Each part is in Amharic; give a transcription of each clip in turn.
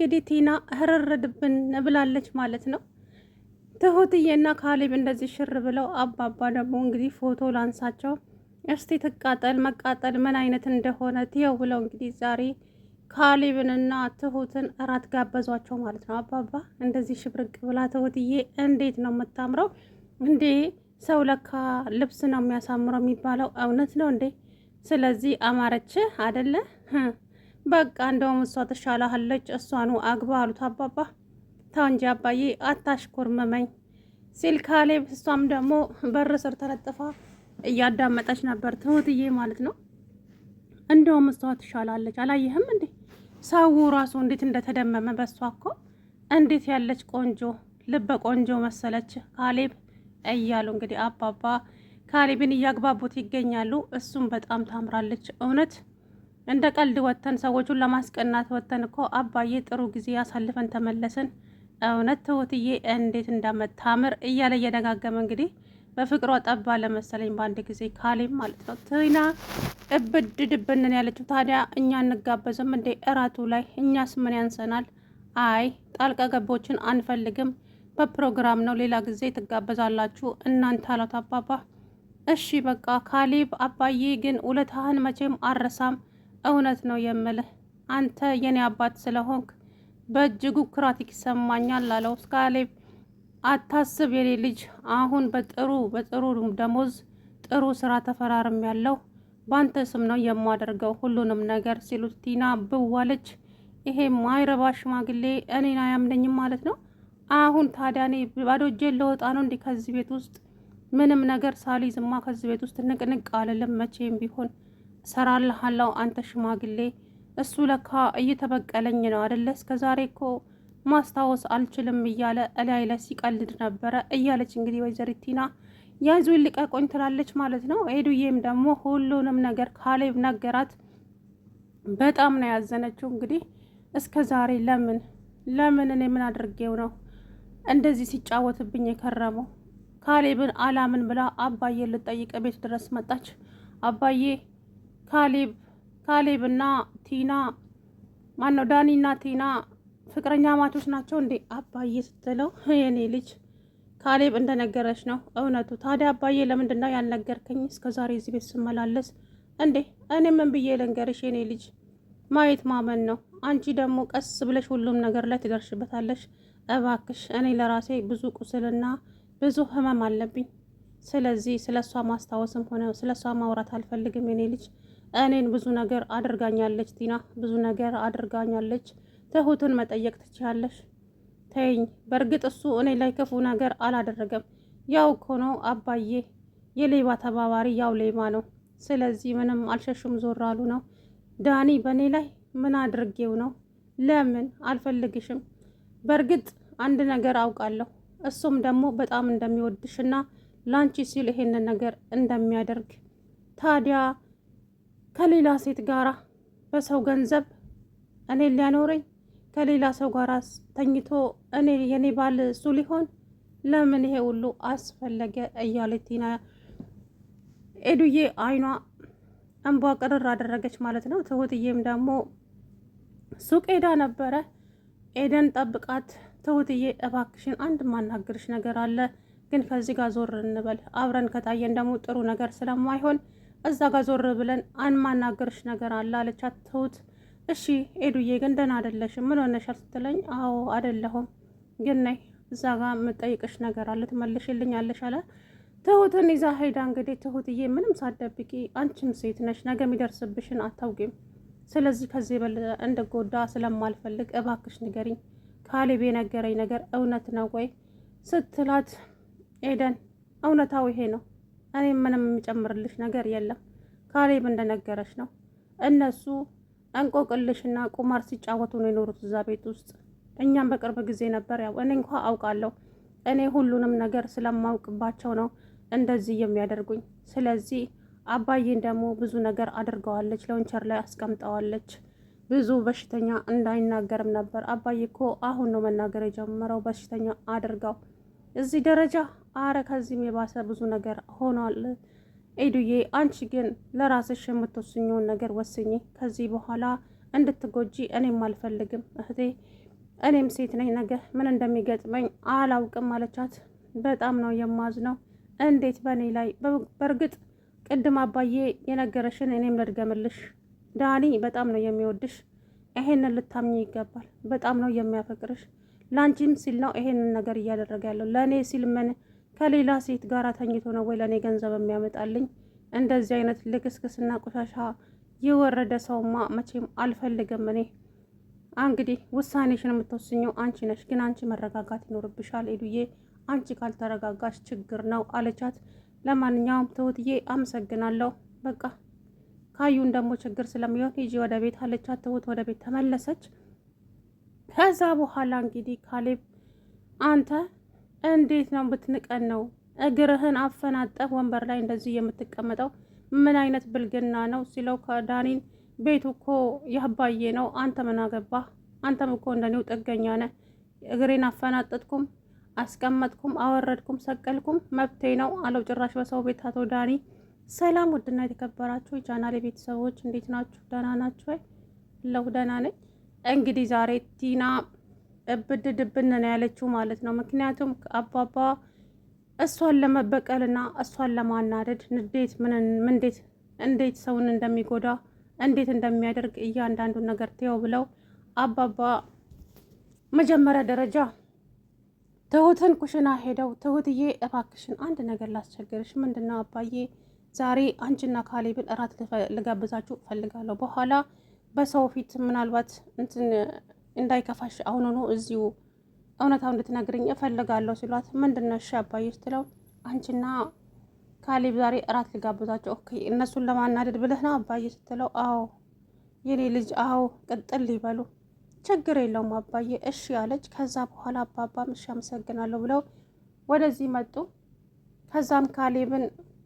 እንግዲህ ቲና ህርርድብን ብላለች ማለት ነው። ትሁትዬና ካሌብ እንደዚህ ሽር ብለው አባባ ደግሞ እንግዲህ ፎቶ ላንሳቸው እስቲ ትቃጠል መቃጠል ምን አይነት እንደሆነ ትየው ብለው እንግዲህ ዛሬ ካሌብንና ትሁትን እራት ጋበዟቸው ማለት ነው። አባባ እንደዚህ ሽብርቅ ብላ ትሁትዬ እንዴት ነው የምታምረው እንዴ! ሰው ለካ ልብስ ነው የሚያሳምረው የሚባለው እውነት ነው እንዴ? ስለዚህ አማረች አደለ? በቃ እንደውም እሷ ትሻላሃለች፣ እሷኑ አግባ አሉት አባባ። ተው እንጂ አባዬ አታሽኮርምመኝ ሲል ካሌብ፣ እሷም ደግሞ በር ስር ተለጥፋ እያዳመጠች ነበር፣ ትሁትዬ ማለት ነው። እንደውም እሷ ትሻላለች፣ አላየህም እንዴ ሰው ራሱ እንዴት እንደተደመመ በእሷ እኮ እንዴት ያለች ቆንጆ ልበ ቆንጆ መሰለች ካሌብ እያሉ እንግዲህ አባባ ካሌብን እያግባቡት ይገኛሉ። እሱም በጣም ታምራለች እውነት እንደ ቀልድ ወተን ሰዎቹን ለማስቀናት ወተን እኮ አባዬ ጥሩ ጊዜ አሳልፈን ተመለስን። እውነት ትሁትዬ እንዴት እንደምታምር እያለ እየደጋገመ እንግዲህ በፍቅሯ ጠባ ለመሰለኝ በአንድ ጊዜ ካሌም ማለት ነው። ትና እብድ ድብንን ያለችው ታዲያ እኛ እንጋበዝም እንዴ እራቱ ላይ? እኛስ ምን ያንሰናል? አይ ጣልቃ ገቦችን አንፈልግም። በፕሮግራም ነው፣ ሌላ ጊዜ ትጋበዛላችሁ እናንተ አሏት አባባ። እሺ በቃ ካሌብ አባዬ ግን ውለታህን መቼም አረሳም እውነት ነው የምልህ አንተ የኔ አባት ስለሆንክ በእጅጉ ኩራት ይሰማኛል አለው። ካሌብ አታስብ የኔ ልጅ አሁን በጥሩ በጥሩ ደሞዝ ጥሩ ስራ ተፈራርም ያለው በአንተ ስም ነው የማደርገው ሁሉንም ነገር ሲሉ ቲና ብዋለች። ይሄ ማይረባ ሽማግሌ እኔን አያምነኝም ማለት ነው። አሁን ታዲያ እኔ ባዶ እጄን ልወጣ ነው እንዲህ ከዚህ ቤት ውስጥ ምንም ነገር ሳሊዝማ ከዚህ ቤት ውስጥ ንቅንቅ አልልም መቼም ቢሆን ሰራልሃለው አንተ ሽማግሌ። እሱ ለካ እየተበቀለኝ ነው አደለ? እስከ ዛሬ እኮ ማስታወስ አልችልም እያለ እላይ ላይ ሲቀልድ ነበረ እያለች እንግዲህ ወይዘሪት ቲና ያዙ ልቀቆኝ ትላለች ማለት ነው። ኤዱዬም ደግሞ ሁሉንም ነገር ካሌብ ነገራት። በጣም ነው ያዘነችው። እንግዲህ እስከ ዛሬ ለምን ለምን እኔ ምን አድርጌው ነው እንደዚህ ሲጫወትብኝ የከረመው? ካሌብን አላምን ብላ አባዬ ልጠይቅ ቤቱ ድረስ መጣች። አባዬ ካሌብ ካሌብ እና ቲና ማነው ዳኒ እና ቲና ፍቅረኛ ማቾች ናቸው እንዴ አባዬ ስትለው የኔ ልጅ ካሌብ እንደነገረች ነው እውነቱ። ታዲያ አባዬ ለምንድን ነው ያልነገርከኝ? እስከ ዛሬ እዚህ ቤት ስመላለስ እንዴ እኔ ምን ብዬ ልንገርሽ የኔ ልጅ፣ ማየት ማመን ነው። አንቺ ደግሞ ቀስ ብለሽ ሁሉም ነገር ላይ ትደርሽበታለሽ። እባክሽ እኔ ለራሴ ብዙ ቁስልና ብዙ ህመም አለብኝ። ስለዚህ ስለ እሷ ማስታወስም ሆነ ስለ እሷ ማውራት አልፈልግም የኔ ልጅ እኔን ብዙ ነገር አድርጋኛለች፣ ቲና ብዙ ነገር አድርጋኛለች። ትሁትን መጠየቅ ትችያለሽ። ተይኝ። በእርግጥ እሱ እኔ ላይ ክፉ ነገር አላደረገም። ያው እኮ ነው አባዬ፣ የሌባ ተባባሪ ያው ሌባ ነው። ስለዚህ ምንም አልሸሹም፣ ዞር አሉ ነው። ዳኒ በእኔ ላይ ምን አድርጌው ነው? ለምን አልፈልግሽም? በእርግጥ አንድ ነገር አውቃለሁ። እሱም ደግሞ በጣም እንደሚወድሽና ላንቺ ሲል ይሄንን ነገር እንደሚያደርግ ታዲያ ከሌላ ሴት ጋራ በሰው ገንዘብ እኔ ሊያኖረኝ ከሌላ ሰው ጋር ተኝቶ እኔ የኔ ባል እሱ ሊሆን ለምን ይሄ ሁሉ አስፈለገ? እያለች ቲና ኤዱዬ አይኗ እንቧ ቅርር አደረገች ማለት ነው። ትሁትዬም ደግሞ ሱቅ ሄዳ ነበረ። ኤደን ጠብቃት፣ ትሁትዬ እባክሽን አንድ ማናግርሽ ነገር አለ፣ ግን ከዚህ ጋር ዞር እንበል አብረን ከታየን ደግሞ ጥሩ ነገር ስለማይሆን እዛ ጋር ዞር ብለን አንማናገርሽ ነገር አለ አለቻት። ትሁት እሺ ኤዱዬ ግን ደህና አይደለሽም ምን ሆነሻል? ስትለኝ አዎ አይደለሁም ግን ነይ እዛ ጋር የምጠይቅሽ ነገር አለ ትመልሽልኝ አለሽ አለ። ትሁትን ይዛ ሄዳ እንግዲህ ትሁትዬ ምንም ሳትደብቂ አንቺም ሴት ነሽ ነገ የሚደርስብሽን አታውቂም። ስለዚህ ከዚህ የበለጠ እንደጎዳ ስለማልፈልግ እባክሽ ንገሪኝ፣ ካሌብ የነገረኝ ነገር እውነት ነው ወይ ስትላት ኤደን እውነታው ይሄ ነው እኔ ምንም የሚጨምርልሽ ነገር የለም። ካሌብ እንደነገረች ነው። እነሱ እንቆቅልሽና ቁማር ሲጫወቱ ነው የኖሩት እዛ ቤት ውስጥ። እኛም በቅርብ ጊዜ ነበር ያው እኔ እንኳ አውቃለሁ። እኔ ሁሉንም ነገር ስለማውቅባቸው ነው እንደዚህ የሚያደርጉኝ። ስለዚህ አባዬን ደግሞ ብዙ ነገር አድርገዋለች፣ ለወንቸር ላይ አስቀምጠዋለች። ብዙ በሽተኛ እንዳይናገርም ነበር። አባዬ እኮ አሁን ነው መናገር የጀመረው በሽተኛ አድርገው እዚህ ደረጃ አረ ከዚህም የባሰ ብዙ ነገር ሆኗል። ኤዱዬ አንቺ ግን ለራስሽ የምትወስኘውን ነገር ወስኝ። ከዚህ በኋላ እንድትጎጂ እኔም አልፈልግም እህቴ፣ እኔም ሴት ነኝ፣ ነገ ምን እንደሚገጥመኝ አላውቅም አለቻት። በጣም ነው የማዝነው፣ እንዴት በእኔ ላይ በእርግጥ ቅድም አባዬ የነገረሽን እኔም ልድገምልሽ። ዳኒ በጣም ነው የሚወድሽ፣ ይሄንን ልታምኝ ይገባል። በጣም ነው የሚያፈቅርሽ። ለአንቺም ሲል ነው ይሄንን ነገር እያደረገ ያለው ለእኔ ሲል ምን ከሌላ ሴት ጋር ተኝቶ ነው ወይ ለእኔ ገንዘብ የሚያመጣልኝ? እንደዚህ አይነት ልክስክስና ቆሻሻ የወረደ ሰውማ መቼም አልፈልግም እኔ። እንግዲህ ውሳኔሽን የምትወስኘው አንቺ ነሽ፣ ግን አንቺ መረጋጋት ይኖርብሻል ሄዱዬ። አንቺ ካልተረጋጋሽ ችግር ነው አለቻት። ለማንኛውም ትሁትዬ አመሰግናለሁ። በቃ ካዩን ደግሞ ችግር ስለሚሆን ሂጂ ወደ ቤት አለቻት። ትሁት ወደ ቤት ተመለሰች። ከዛ በኋላ እንግዲህ ካሌብ አንተ እንዴት ነው ብትንቀን ነው እግርህን አፈናጠህ ወንበር ላይ እንደዚህ የምትቀመጠው? ምን አይነት ብልግና ነው ሲለው ከዳኒን ቤቱ እኮ ያባዬ ነው። አንተ ምን አገባህ? አንተም እኮ እንደኔው ጥገኛ ነህ። እግሬን አፈናጠጥኩም፣ አስቀመጥኩም፣ አወረድኩም፣ ሰቀልኩም መብቴ ነው አለው። ጭራሽ በሰው ቤት አቶ ዳኒ። ሰላም ውድና የተከበራችሁ የቻናሌ ቤተሰቦች እንዴት ናችሁ? ደህና ናችሁ ወይ? ለሁ ደህና ነኝ። እንግዲህ ዛሬ ቲና እብድ ድብን ነው ያለችው ማለት ነው። ምክንያቱም አባባ እሷን ለመበቀልና እሷን ለማናደድ ንዴት ምን እንዴት ሰውን እንደሚጎዳ እንዴት እንደሚያደርግ እያንዳንዱ ነገር ትየው ብለው አባባ መጀመሪያ ደረጃ ትሁትን ኩሽና ሄደው ትሁትዬ እባክሽን አንድ ነገር ላስቸግርሽ። ምንድነው አባዬ ዛሬ አንቺና ካሌብን እራት ልጋብዛችሁ እፈልጋለሁ። በኋላ በሰው ፊት ምናልባት እንትን እንዳይከፋሽ አሁኑ ነው እዚሁ እውነታው እንድትነግርኝ እፈልጋለሁ ሲሏት እሺ አባዬ ስትለው አንቺና ካሌብ ዛሬ እራት ልጋብዛቸው ኦኬ እነሱን ለማናደድ ብለህ ነው አባዬ ስትለው አዎ የኔ ልጅ አዎ ቅጥል ይበሉ ችግር የለውም አባዬ እሺ አለች ከዛ በኋላ አባባም እሺ አመሰግናለሁ ብለው ወደዚህ መጡ ከዛም ካሌብን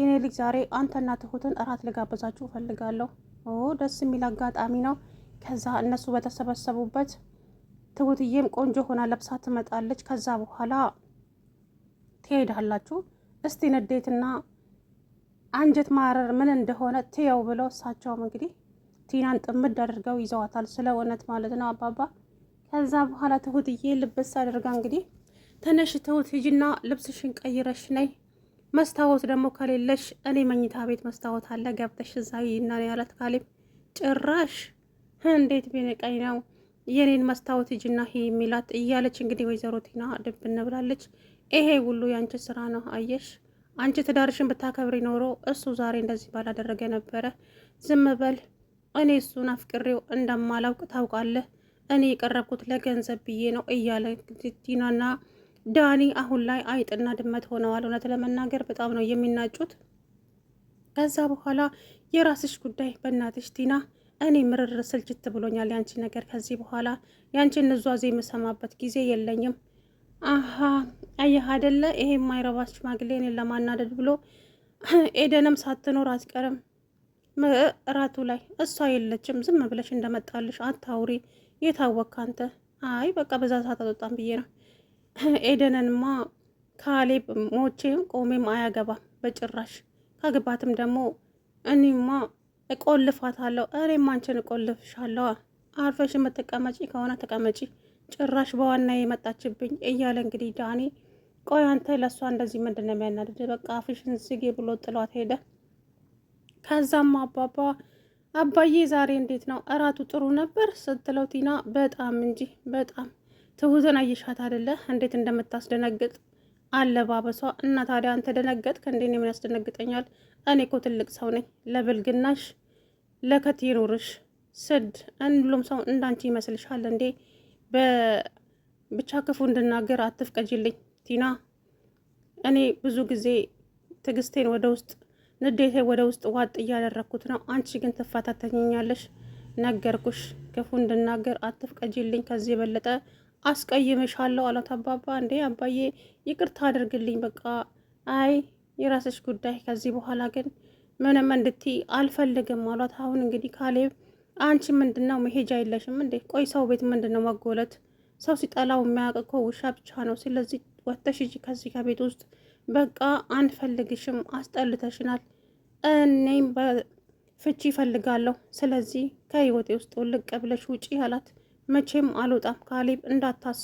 የኔ ልጅ ዛሬ አንተና ትሁትን እራት ልጋብዛችሁ እፈልጋለሁ ኦ ደስ የሚል አጋጣሚ ነው ከዛ እነሱ በተሰበሰቡበት ትሁትዬም ቆንጆ ሆና ለብሳ ትመጣለች። ከዛ በኋላ ትሄዳላችሁ። እስቲ ንዴትና አንጀት ማረር ምን እንደሆነ ትየው ብለው እሳቸውም እንግዲህ ቲናን ጥምድ አድርገው ይዘዋታል። ስለ እውነት ማለት ነው አባባ። ከዛ በኋላ ትሁትዬ ልብስ አድርጋ እንግዲህ ተነሽ ትሁት ሂጂና ልብስሽን ቀይረሽ ነይ፣ መስታወት ደግሞ ከሌለሽ እኔ መኝታ ቤት መስታወት አለ ገብተሽ እዛ ይና ያላት ካሌብ ጭራሽ እንዴት ቢንቀኝ ነው የኔን መስታወት ሂጂና ይሄ የሚላት እያለች እንግዲህ ወይዘሮ ቲና ድብ እንብላለች። ይሄ ሁሉ የአንቺ ስራ ነው። አየሽ አንቺ ትዳርሽን ብታከብሪ ኖሮ እሱ ዛሬ እንደዚህ ባላደረገ ነበረ። ዝም በል። እኔ እሱን አፍቅሬው እንደማላውቅ ታውቃለህ። እኔ የቀረብኩት ለገንዘብ ብዬ ነው እያለ ቲናና ዳኒ አሁን ላይ አይጥና ድመት ሆነዋል። እውነት ለመናገር በጣም ነው የሚናጩት። ከዛ በኋላ የራስሽ ጉዳይ በእናትሽ ቲና እኔ ምርር ስልችት ብሎኛል ያንቺ ነገር። ከዚህ በኋላ ያንቺን ንዟዜ የምሰማበት ጊዜ የለኝም። አሀ አየህ አደለ? ይሄ የማይረባ ሽማግሌ እኔን ለማናደድ ብሎ ኤደንም ሳትኖር አትቀርም። እራቱ ላይ እሷ የለችም። ዝም ብለሽ እንደመጣልሽ አታውሪ። የታወቅክ አንተ። አይ በቃ በዛ ሰዓት አትወጣም ብዬ ነው። ኤደንንማ ካሌብ ሞቼም ቆሜም አያገባም በጭራሽ። ከግባትም ደግሞ እኔማ እቆልፋታለሁ። እኔም አንቺን እቆልፍሻለሁ። አርፈሽ የምትቀመጪ ከሆነ ተቀመጪ፣ ጭራሽ በዋና የመጣችብኝ እያለ እንግዲህ ዳኒ፣ ቆይ አንተ ለእሷ እንደዚህ ምንድን ነው የሚያናድድ? በቃ አፍሽን ዝጊ ብሎ ጥሏት ሄደ። ከዛም አባባ አባዬ ዛሬ እንዴት ነው እራቱ ጥሩ ነበር ስትለው፣ ቲና በጣም እንጂ በጣም ትሁትን አየሻት አደለ እንዴት እንደምታስደነግጥ አለባበሷ እና ታዲያ አንተ ደነገጥክ እንዴ? ምን ያስደነግጠኛል? እኔ እኮ ትልቅ ሰው ነኝ። ለብልግናሽ ለከት ይኑርሽ። ስድ እንሉም ሰው እንዳንቺ ይመስልሻል እንዴ? ብቻ ክፉ እንድናገር አትፍቀጅልኝ ቲና። እኔ ብዙ ጊዜ ትዕግስቴን ወደ ውስጥ ንዴቴ ወደ ውስጥ ዋጥ እያደረግኩት ነው። አንቺ ግን ትፋታተኝኛለሽ። ነገርኩሽ፣ ክፉ እንድናገር አትፍቀጅልኝ። ከዚህ የበለጠ አስቀይምሻለሁ አላት አባባ። እንዴ አባዬ ይቅርታ አድርግልኝ በቃ አይ የራስሽ ጉዳይ፣ ከዚህ በኋላ ግን ምንም እንድትይ አልፈልግም አሏት። አሁን እንግዲህ ካሌብ አንቺ ምንድነው መሄጃ የለሽም እንዴ? ቆይ ሰው ቤት ምንድነው መጎለት? ሰው ሲጠላው የሚያውቅ እኮ ውሻ ብቻ ነው። ስለዚህ ወተሽ ሂጂ ከዚህ ከቤት ውስጥ በቃ አንፈልግሽም፣ አስጠልተሽናል። እኔም ፍቺ ይፈልጋለሁ። ስለዚህ ከህይወቴ ውስጥ ውልቅ ብለሽ ውጪ አላት። መቼም አልወጣም ካሌብ እንዳታስብ